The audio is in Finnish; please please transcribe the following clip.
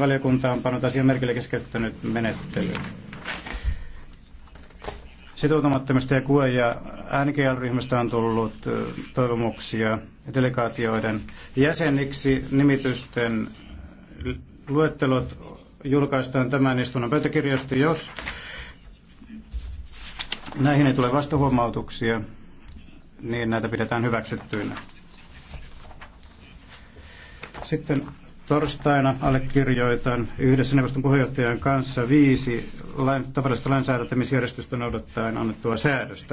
Valiokunta on pannut asian merkille keskeyttänyt menettely. Sitoutumattomista ja QE- ja NGL-ryhmästä on tullut toivomuksia delegaatioiden jäseniksi. Nimitysten luettelot julkaistaan tämän istunnon pöytäkirjasta, jos näihin ei tule vastahuomautuksia, niin näitä pidetään hyväksyttyinä. Sitten Torstaina allekirjoitan yhdessä neuvoston puheenjohtajan kanssa viisi tavallista lainsäädäntämisjärjestystä noudattaen annettua säädöstä.